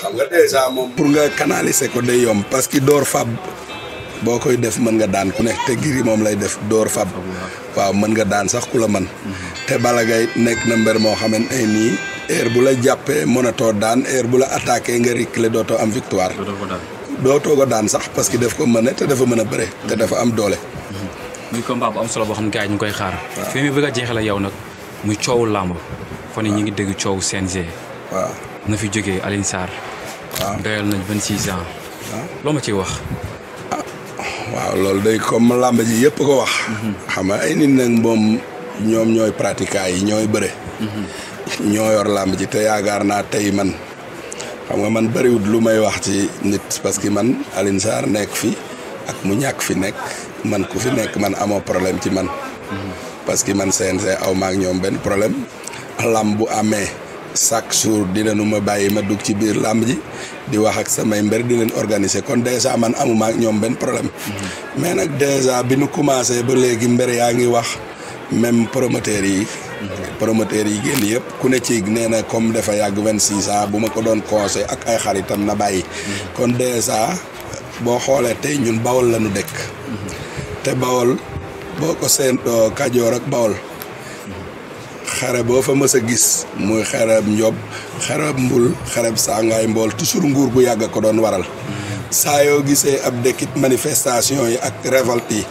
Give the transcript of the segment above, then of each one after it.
xam nga déjà moom. pour nga canaliser ko day yomb parce que door fab boo koy def mën nga daan ku ne te giri moom lay def door fab. waaw mën nga daan sax ku la man te Balla Gaye nekk na mbër moo xamante ne nii heure bu la jàppee mënatoo daan heure bu la attaqué nga le dootoo am victoire. dootoo ko daan sax parce que def ko mën te dafa mën a bëre. te dafa am doole. muy combat bu am solo boo xam ne gars ñu ngi koy xaar. waaw fi mu bëgg a jeexale yow nag muy coowul làmb. fan ñu ngi dégg coow CNG. waaw. na fi jógee Alioune Sarr. waaw doyal nañ 26 ans. loo ma ciy wax. Ah, waaw loolu day comme làmb ji yëpp ko wax. Mhm. xam nga ay nit nag moom ñoom ñooy pratiquants yi ñooy bëre. Mhm. ñoo yor làmb ji te yaakaar naa tey man xam nga man bëriwut lu may wax ci nit parce que man Alioune Sarr nekk fi ak mu ñàkk fi nekk man ku fi nekk man amoo problème ci man. Mhm. parce que man CNG aw ma ñoom benn problème làmb bu amee. chaque jour nu ma bàyyi ma dugg ci biir làmb ji di wax ak samay mbër di leen organiser kon dèjà man amuma ak ñoom benn problème. Mhm. mais nag dèjà bi nu commencé ba léegi mbër yaa ngi wax même promoteurs yi. Mhm. promoteurs yi génn yëpp ku ne ci nee na comme dafa yàgg vingt six ans bu ma ko doon conseil ak ay xaritam na bàyyi. Mhm. kon dèjà boo xoolee tey ñun bawol lañu ñu dëkk. te bawol boo ko seentoo Kajoor ak bawol. xare boo fa mës a gis muy xarab njob xarab mbul xarab sangaay mbool toujours nguur gu yàgg ko doon waral saa yoo gisee ab déquite manifestation yi ak révolte yi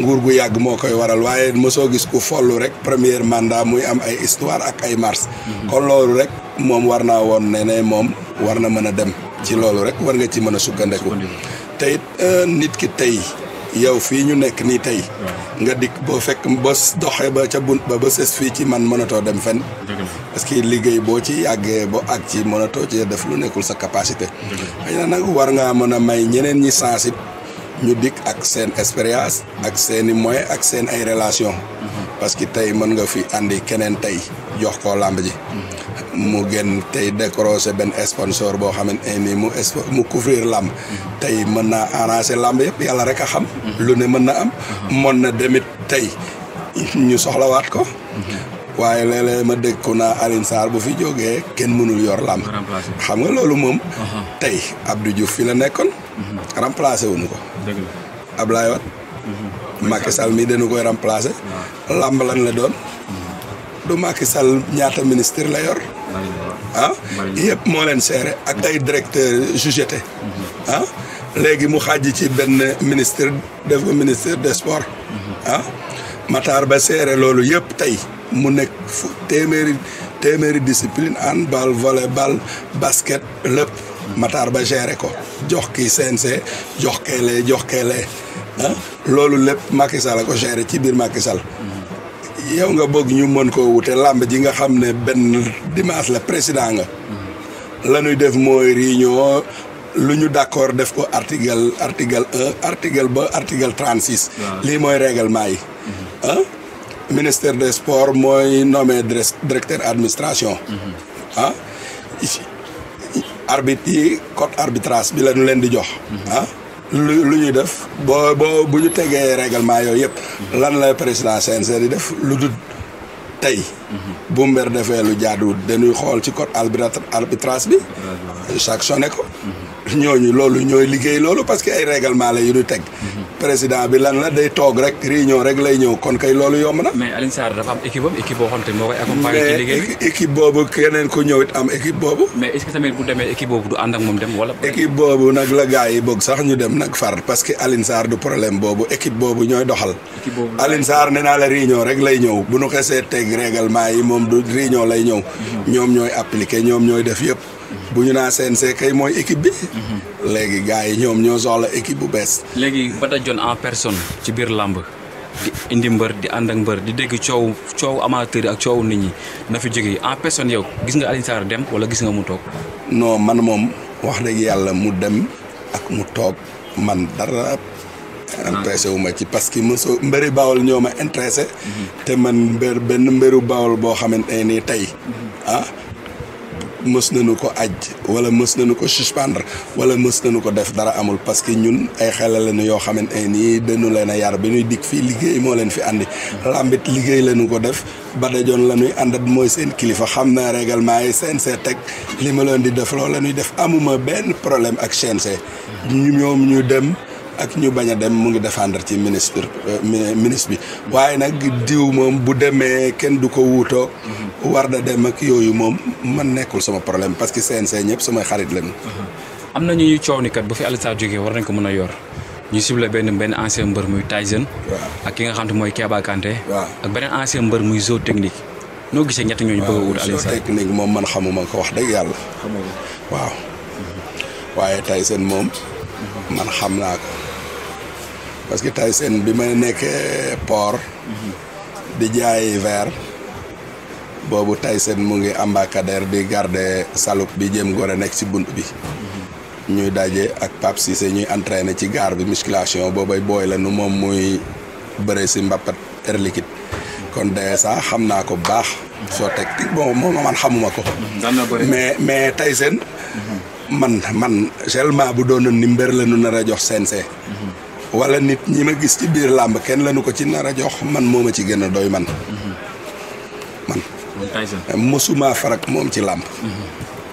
nguur gu yàgg moo koy waral waaye mosoo gis ku follu rek première mandat muy am ay histoire ak ay mars kon loolu rek moom war naa woon ne ne moom war na mën a dem ci loolu rek war ci mën a sukkandeku te euh, nit ki tey yow fii ñu nekk nii tey. nga dikk boo fekk ba doxee ba ca bunt ba ba sës fii ci man mënatoo dem fenn. parce que liggéey boo ci yàggee boo ak ci mënatoo ci def lu nekkul sa capacité. xëy na nag war ngaa mën a may ñeneen ñi sens it ñu dikk ak seen expérience. ak seen i moyens ak seen ay relation mm-hmm. parce que tey mën nga fi andi keneen tey jox ko làmb ji. Mm-hmm. mu gën tey décroché benn sponsor boo xamante ni mu mu couvrir làmb tey mën naa arranger làmb yëpp yàlla rek a xam lu ne mën na am mën na demit tey ñu soxlawaat ko waaye léeg-léeg ma dégg ko naa Alioune Sarr bu fi jógee kenn mënul yor làmb xam nga loolu moom uh-huh. tey ab du Diouf fi la nekkoon uh-huh. remplacé wuñu ko Ablaye Wade uh-huh. Macky Sall mi dañu koy remplacé làmb lan la doon du Macky Sall ñaata ministre la yor ah yëpp moo leen seere ak ay directeur jugeté ah, léegi mu xàjj ci benn ministre def ko ministre des sports ah Matar Ba seere loolu yëpp tey mu nekk fu téeméeri téeméeri discipline handball ball basket lépp Matar Ba gere ko jox ki CNC jox keelee jox keelee ah, loolu lépp Macky Sall a ko géré ci biir Macky yow nga bëgg ñu mën ko wute làmb ji nga xam ne benn dimanche la président nga la ñuy def mooy réunion lu ñu d'accord def ko article article un ba article trente six lii mooy règlement yi ah ministère des sports mooy nommé directeur administration ah arbitre yi code arbitrage bi la leen di jox ah lu lu ñuy def boo boo bu ñu tegee règlement yooyu yëpp lan la président CNG di def lu du tey mhm. bu mber defee lu jaaduwut dañuy xool ci code arbitrage bi sanctionné ko mhm. ñu loolu ñooy liggéey loolu parce que ay règlement la yu ñu teg mhm. président bi lan la day toog rek réunion rek lay ñëw kon kay loolu yomb na. mais Alioune Sarr dafa am équipe moo koy accompagner ci liggéey bi mais équipe boobu keneen ku ñëw it am équipe boobu. mais bu demee équipe boobu du ànd ak dem wala. équipe boobu nag la gars yi bëgg sax ñu dem nag far parce que Alioune Sarr du problème boobu équipe boobu ñooy doxal. équipe boobu Alioune Sarr naa la réunion rek lay ñëw bu nu xesee teg règlement yi moom du réunion lay ñëw. Mhm. ñoom ñooy appliquer ñoom ñooy def yëpp. bu ñu naa CNC kay mooy équipe bi. Mhm. léegi gars yi ñoom ñoo soxla équipe bu bees. léegi Bada Dione en personne ci biir làmb di indi mbër di ànd ak mbër di dégg coow coow amateur yi ak coow nit ñi na fi jógee en personne yow gis nga Alioune Sarr dem wala gis nga mu toog. non man moom wax dëgg yàlla mu dem ak mu toog man dara. intéressé wu ma ci parce que mosu mbëri bawol ñoo ma intéressé. Mhm. te man mbër benn mbëru bawol boo xamante ne nii tey mhm. ah, mës nañu ko aj wala mës nañu ko suspendre wala mës nañu ko def dara amul parce que ñun ay xale lañu yoo xamante nii dañu leen a yar bi ñuy dikk fii liggéey moo leen fi andi lambit liggéey lañu ko def ba dajoon la ñuy àndat mooy seen kilifa xam naa règlement yi CNC teg li ma leen di def loolu la ñuy def amuma benn problème ak CNC ñoom ñu dem ak ñu bañ a dem mu ngi défendre ci ministre euh, ministre bi waaye nag diw moom bu demee kenn du ko wuutoo war na dem ak yooyu moom man nekkul sama problème parce que CNC ñëpp samay xarit lañu am na ñu coow ni kat bu fi Alioune Sarr jógee war nañ ko mën a yor ñu ciblé benn benn ancien mbër muy Tyson ak ki nga xam mooy Keba Kanté ak beneen ancien mbër muy zoo technique noo gisee ñett ñooñu bëgg a wut Alioune Sarr moom man xamuma ko wax dëgg yàlla waaw waaye Tyson moom man xam naa ko parce que Tyson bi ma nekkee port di jaay verre boobu Tyson mu ngi ambacadère di garder salup bi jëm a nekk ci bunt bi ñuy daje ak Pape Cissé ñuy entraîner ci gaar bi musculation boobay booy la nu moom muy bëre si mbappat air liquide kon de ça xam naa ko baax soo teg bon moom man xamuma ko mais mais Tyson man man seulement bu doon ni mbër la ñu nar a jox CNG. nit ñi ma gis ci biir làmb kenn lañu ko ci nar a jox man moom a ci gën a doy man. man mosuma farak moom ci làmb.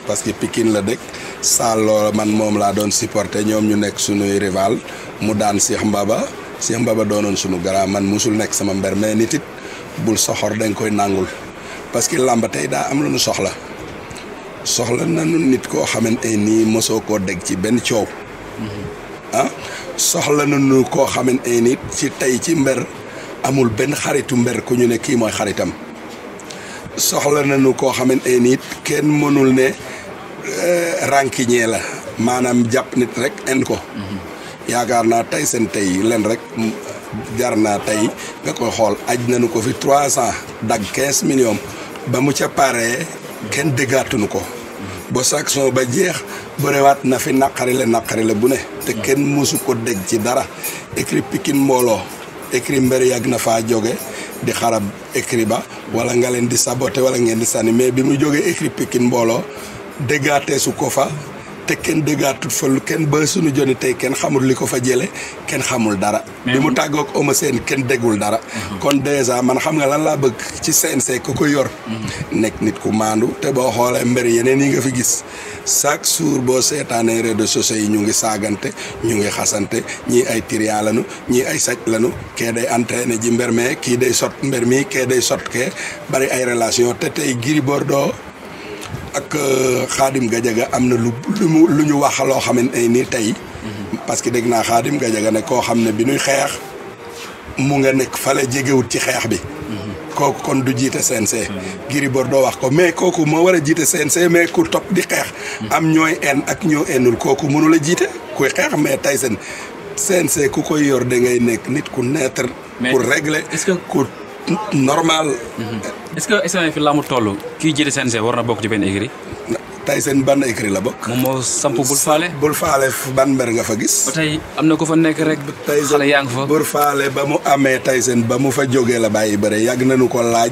parce que Pikine la dëkk saal man moom laa doon supporter ñoom ñu nekk sunuy rival mu daan Cheikh Mbaba Cheikh Mbaba doonoon sunu grand man mosul nekk sama mber mais nit it bul soxor dañ koy nangul parce que làmb tey daa am lu nu soxla. soxla nanu nit koo xamante nii mosoo koo dégg ci benn coow ah soxla nanu koo xamante nii ci tey ci mber amul benn xaritu mber ku ñu ne kii mooy xaritam soxla nanu koo xamante nii kenn mënul ne eh, rànkiñee la maanaam jàpp nit rek en ko yaakaar naa tey seen tey leen rek jar naa tey nga koy xool aj nañu ko fi trois cent dag quinze millions ba mu ca paree kenn déggaatuñu ko ba sanction ba jeex bëriwaat na fi naqari la naqari la bu ne te kenn mësu ko dégg ci dara écrit Pikine mbooloo écrit mbër yàgg na faa jóge di xarab écrit ba wala nga leen di saboté wala ngeen di sànni mais bi mu jógee écrit Pikine mbooloo déggaatee su ko fa te kenn dëggaatut fa lu kenn ba suñu joni tey kenn xamul li ko fa jële kenn xamul dara li mu tàggook Eumeu seen kenn déggul dara mhm. kon dèjà man xam nga lan laa bëgg ci CNG ku ko yor mhm. nekk nit ku maandu te boo xoolee mbir yeneen yi nga fi gis chaque jour boo seetaanee réseaux sociaux yi ñu ngi saagante ñu ngi xasante ñii ay tiriyaa lanu ñii ay saj lanu kee day entraîné ji mber mee kii day sot mber mi kee day sot kee bari ay relation te tey Gris doo ak euh, Khadim Gadiaga am na lu lu lu ñu wax loo xamante ni tey. parce que dégg naa Khadim Gadiaga ne koo xam ne bi ñuy xeex mu nga nekk la jegewut ci xeex bi. kooku kon du jiite CNG. Gris Bordeaux wax ko mais kooku moo war a jiite CNG mais ku topp di xeex. am ñooy en ak ñoo enul kooku mënul a jiite kuy xeex mais tey seen CNG ku koy yor da ngay nekk nit ku neutre. pour régler ku normal. est-ce que est-ce que fi laamu toll kii jiite CNG war na bokk ci benn écurie. tey seen ban écurie la bokk. moom moo samp bul faale. bul faale ban mbër nga fa gis. ba tey am na ko fa nekk rek. tey seen yaa ngi fa. bul faale ba mu amee tey seen ba mu fa jógee la bàyyi bëre yàgg nañu ko laaj.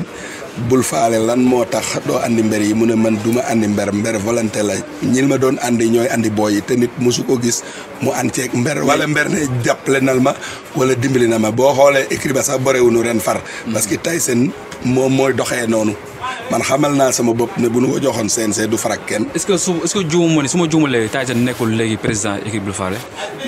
bul faale lan moo tax doo andi mber yi mu ne man duma ma andi mber mber volonté la ñi ma doon andi ñooy andi booy yi te nit mosu ko gis mu ànd ceeg mber wala mber ne jàppale nal ma wala dimbali na ma boo xoolee écrit ba sax borewuñu ren far mm. parce que Tyson moom mooy doxee noonu man xamal naa sama bopp ne bu nu ko joxoon CNC du farak kenn. est-ce que su est-ce que juumu ma su ma juumulee Tyson nekkul léegi président équipe bu Faale.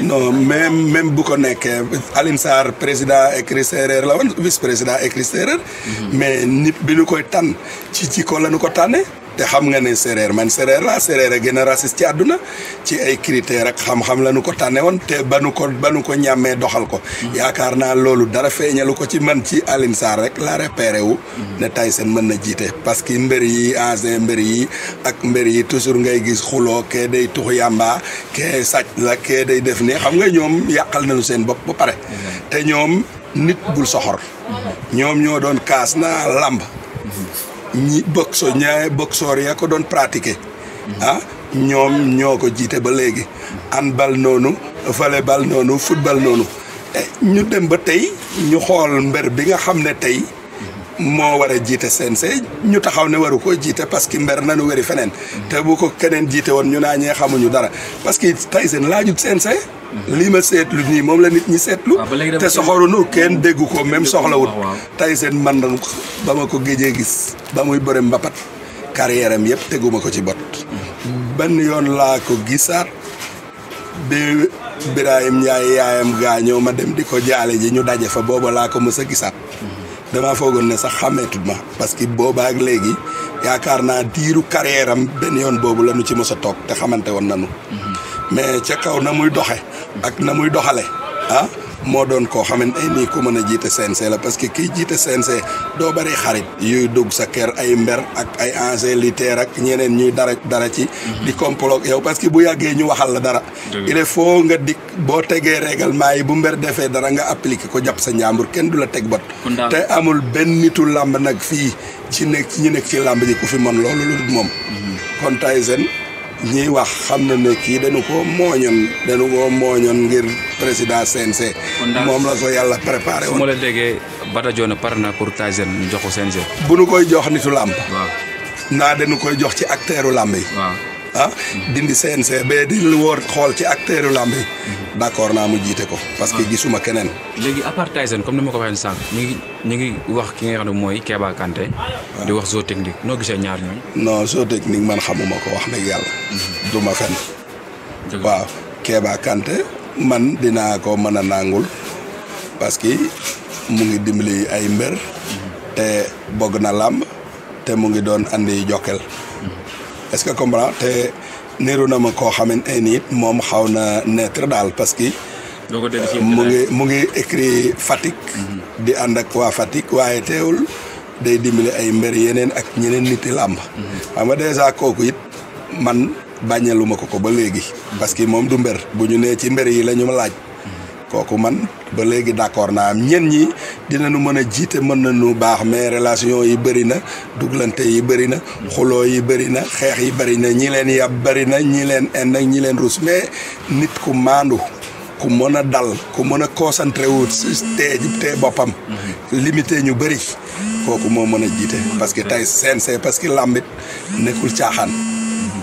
non même même bu ko nekkee Alioune Sarr président écurie Sérère la woon vice président écurie Sérère. Mhm. mais nit bi ñu koy tànn ci ci ko la ñu ko tànnee. te xam nga ne séeréer man séeréer laa séeréer a gën a ci àdduna ci ay critères rek xam-xam la nu ko tànne woon te ba nu ko ba ko ñàmmee doxal ko mm-hmm. yaakaar naa loolu dara feeñalu ko ci man ci Alioune rek la repéré wu mm-hmm. ne seen mën na jiite parce que mbër yi eng mbër yi ak mbër yi toujours ngay gis xuloo kee day tux yàmba kee sàcc la kee day def ni xam nga ñoom yàqal nañu seen bopp ba pare mm-hmm. te ñoom nit bul soxor ñoom ñoo doon kaas na làmb ñi boxe ñaari boxeur yaa ko doon pratiquer. Ah, ñoom ñoo ko jiite ba léegi. an bal noonu bal noonu football noonu. Eh, ñu dem ba tey ñu xool mbër bi nga xam ne tey moo war a jiite CNG ñu taxaw ne waru koo jiite parce que mber nanu wéri feneen te bu ko keneen jiite woon ñu naa ñee xamuñu dara parce que Tyson laajut CNG lii ma seetlu nii moom la nit ñi seetlu ah, te soxorunu kenn déggu ko même soxlawut Tyson man na ba ma ko géejee gis ba muy bëre mbapat carrière am yëpp teguma ko ci bot benn yoon laa ko gisaat bi Birahim Ndiaye yaayam gaañoo ma dem di ko jaale ji ñu daje fa booba laa ko mës a gisaat damaa foogoon ne sax xàmmeetut ma parce que boobaak léegi yaakaar naa diiru carrière benn yoon boobu la ñu ci mos a toog te xamante woon nañu. Mhm. mais ca kaw na muy doxe ak na muy doxale ah moo doon koo xamante nii ku mën a jiite CNC la parce que kiy jiite CNC doo bari xarit yuy dugg sa kër ay mber ak ay angélitaire ak ñeneen ñuy dara dara ci di complot yow parce que bu yàggee ñu waxal la dara il est nga dik boo tegee règlement yi bu mber defee dara nga appliqué ko jàpp sa njàmbur kenn du la teg bot te amul benn nitu làmb nag fii ci nekk ci ñu nekk ci làmb ji ku fi mën loolu lu moom mhm. kon Tyson ñuy wax xam na ne kii danu ko mooñoon dañu ko mooñoon ngir président CNG. moom la soo yàlla préparé woon. su ma la déggee Bada Dione pare na pour Tyson ñu jox ko CNG. bu nu koy jox nitu làmb. waaw naa dañu koy jox ci acteuru làmb yi. ah dindi CNC ba di wóor xool ci acteur yu yi d' accord naa mu jiite ko. parce que ah. gisuma keneen. léegi apartheid comme ni ma ko waxee sànq. ñu ngi ñu ngi wax ki nga xam ne mooy Kéba Kanté. Ah. di wax zoo technique noo gisee ñaar ñooñu. non zoo technique man xamuma ko wax dëgg yàlla. Mhm. du ma fenn. waaw Kéba Kanté man dinaa ko mën a nangul parce que mu ngi dimbali ay mbër. Mhm. te bëgg na làmb te mu ngi doon andi jokkel. est-ce que comprendre te niru na ma koo xamante ni moom xaw na neutre daal parce que. mu ngi mu ngi écrit Fatick. Mhm. di ànd ak waa Fatick waaye teewul day dimbali ay mber yeneen ak ñeneen nit yi làmb. Mhm. xam nga dèjà kooku it man bàññeelu ko ko ba léegi. Mhm. parce que moom du mbër bu ñu nee ci mber yi la ñu laaj. kooku man ba léegi d'accord naa am ñen ñi dina dinañu mën a jiite mën na nañu baax mais relation yi bëri na duglante yi bëri na xuloo yi bëri na xeex yi bëri na ñi leen yab bëri na ñi leen ind ak ñi leen rus mais nit ku maandu ku mën a dal ku mën a concentré wu si tee boppam limité ñu bëri kooku moo mën a jiite parce que tey CNG parce que làmbit nekkul caaxaan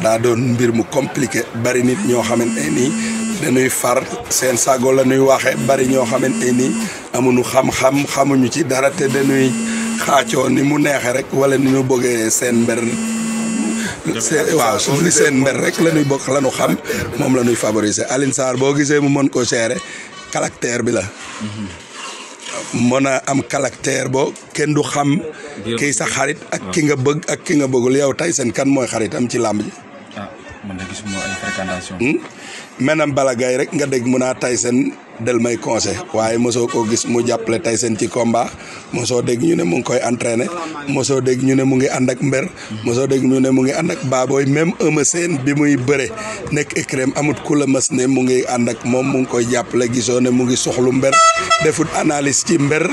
daa doon mbir mu compliqué bari nit ñoo xamante nii dañuy far seen sago la ñuy waxee bari ñoo xamante ni amuñu xam-xam xamuñu ci dara te dañuy xaacoo ni mu neexee rek wala nu ñu bëggee seen mber seen waaw su li seen mber rek la ñuy bokk la ñu xam moom la ñuy favoriser Alioune Sarr boo gisee mu mën ko gérer caractère bi la mhm. mën a am caractère bo kenn du xam kii sa xarit ak ki nga bëgg ak ki nga bëggul yaw tey seen kan mooy xaritam ci làmb ji ah, menam Balla Gaye rek nga dégg mun naa Tyson del may conseil waaye mosoo koo gis mu jàppale Tyson ci combat mosoo dégg ñu ne mu ngi koy entraîné mosoo dégg ñu ne mu ngi ànd ak mbër mosoo dégg ñu ne mu ngi ànd ak baabooy même Eumeu Sène bi muy bëree nekk écrém amut ku la mas ne mu ngi ànd ak moom mu ngi koy jàppale gisoo ne mu ngi soxlu mber defut analise ci mber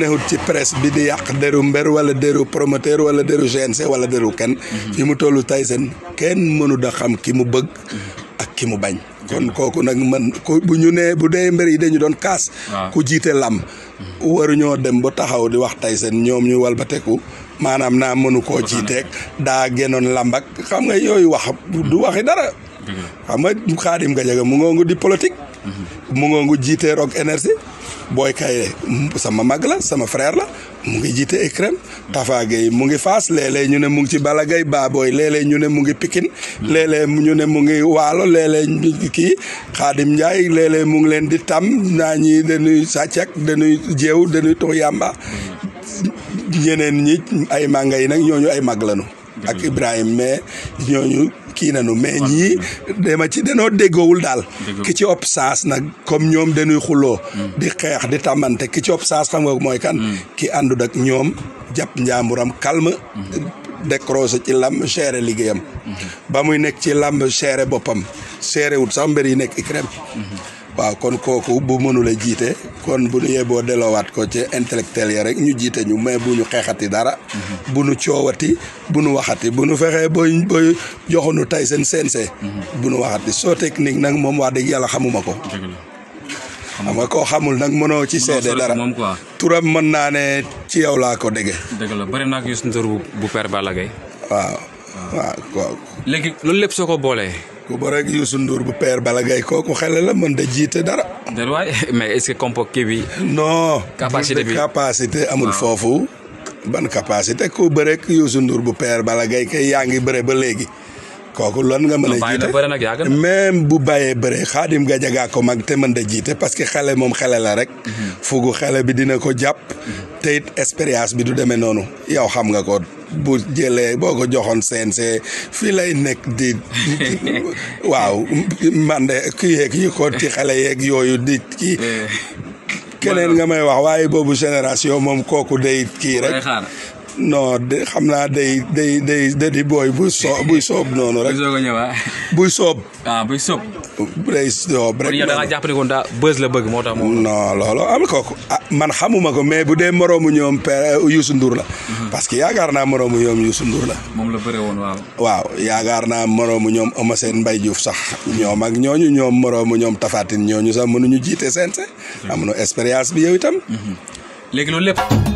nexut ci presse bi di yàq deru mber wala deru promoteur wala deru GNC wala deru kenn mhm. fi mu tollu Tyson kenn mënu da xam ki mu bëgg ak ki mu bañ. kon kooku nag man ku bu ñu nee bu dee mbir yi dañu doon kaas. ku jiite làmb hmm. waruñoo dem ba taxaw di wax tey seen ñoom ñu wal ba maanaam naa mënu koo jiiteeg daa génnoon làmb xam nga yooyu wax du waxi dara. xam nga Xaadim Gajaga mu ngoo di politique. Hmm. mu ngoo ngi jiite Rock Énergie. booy kay sama mag la sama frère la mu ngi jiite écrème Tafa Gueye mu ngi fas léeg-léeg ñu ne mu ngi ci Balla Gaye Baboy ñu ne mu ngi Pikine hmm. léeg-léeg ñu ne mu ngi Waalo léeg-léeg kii Xaadim Njaay léeg mu ngi leen di tam naa ñi dañuy sàccak dañuy jéew dañuy tux yàmba hmm. ñeneen ñi ay mànga yi nag ñooñu ay mag lañu ak hmm. Ibrahima mais ñooñu kii nanu mais ñii dama ci danoo déggoowul daal ki ci opp saas nag comme ñoom dañuy xuloo hmm. di xeex di tàmmante ki ci ëpp saas xam nga mooy kan hmm. ki àndut ak ñoom jàpp njaamuram kalm hmm. décroché ci làmb seere liggéeyam ba muy nekk ci làmb seere boppam seere wut sax mbir yi nekk i waaw kon kooku bu mënula jiite kon bu ñu yeboo deloowaat ko ci intellectuel ya rek ñu jiite ñu mais bu ñu xeexati dara mhm. bu ñu coowati bu ñu waxati bu nu fexee boo booy mhm. nu tey seen sensé bu ñu waxati soo technique nag moom wax dëgg yàlla xamuma ko xam nga koo xamul nag mënoo ci seede dara turam mën naa ne ci yow laa ko déggee dëgg la bari naa ko Youssou bu Père Balla Gaye waaw waaw léegi loolu lépp soo ko boolee ku bëreeg Youssou Ndour bu père bala Gaye kooku xale la mën da jiite dara. déedéet waay mais bi. non capacité bi capacité amul ah. foofu. ban capacité ku bëreeg Youssou Ndour bu père bala gay kay yaa ngi bëre ba léegi. kooku lan nga mën a jiite même bu bàyyee bëre xaadim ga jagaa ko mag te mën da jiite parce que xale moom xale la rek. Mhm. fugu xele bi dina ko jàpp. Mhm. te it expérience bi du demee noonu yow xam nga ko. bu jëlee boo ko joxoon CNC fii lay nekk di waaw man de ki yeeg yi ko ci xale yeeg yooyu di kii eh. keneen nga may wax waaye boobu génération moom kooku day kii rek non de xam naa day day day day booy buy soo buy soob noonu rek. buy ah. soob. ah buy soob. day soob rek. kon yow da nga jàpp ne bëgg moo tax. non loolo am kooku ah, man xamuma ko mais bu dee moroomu ñoom père euh, Youssou ndur la. Mhm. parce que yaakaar naa moroomu ñoom Youssou ndur la. moom la bëre woon waaw. waaw yaakaar naa moroomu ñoom Eumeu Sène mbay Diouf sax ñoom ak ñooñu ñoom moroomu ñoom Tapha Tine ñooñu sax mënuñu jiite am mhm. amuñu expérience bi yow itam. Mhm. léegi loolu lépp.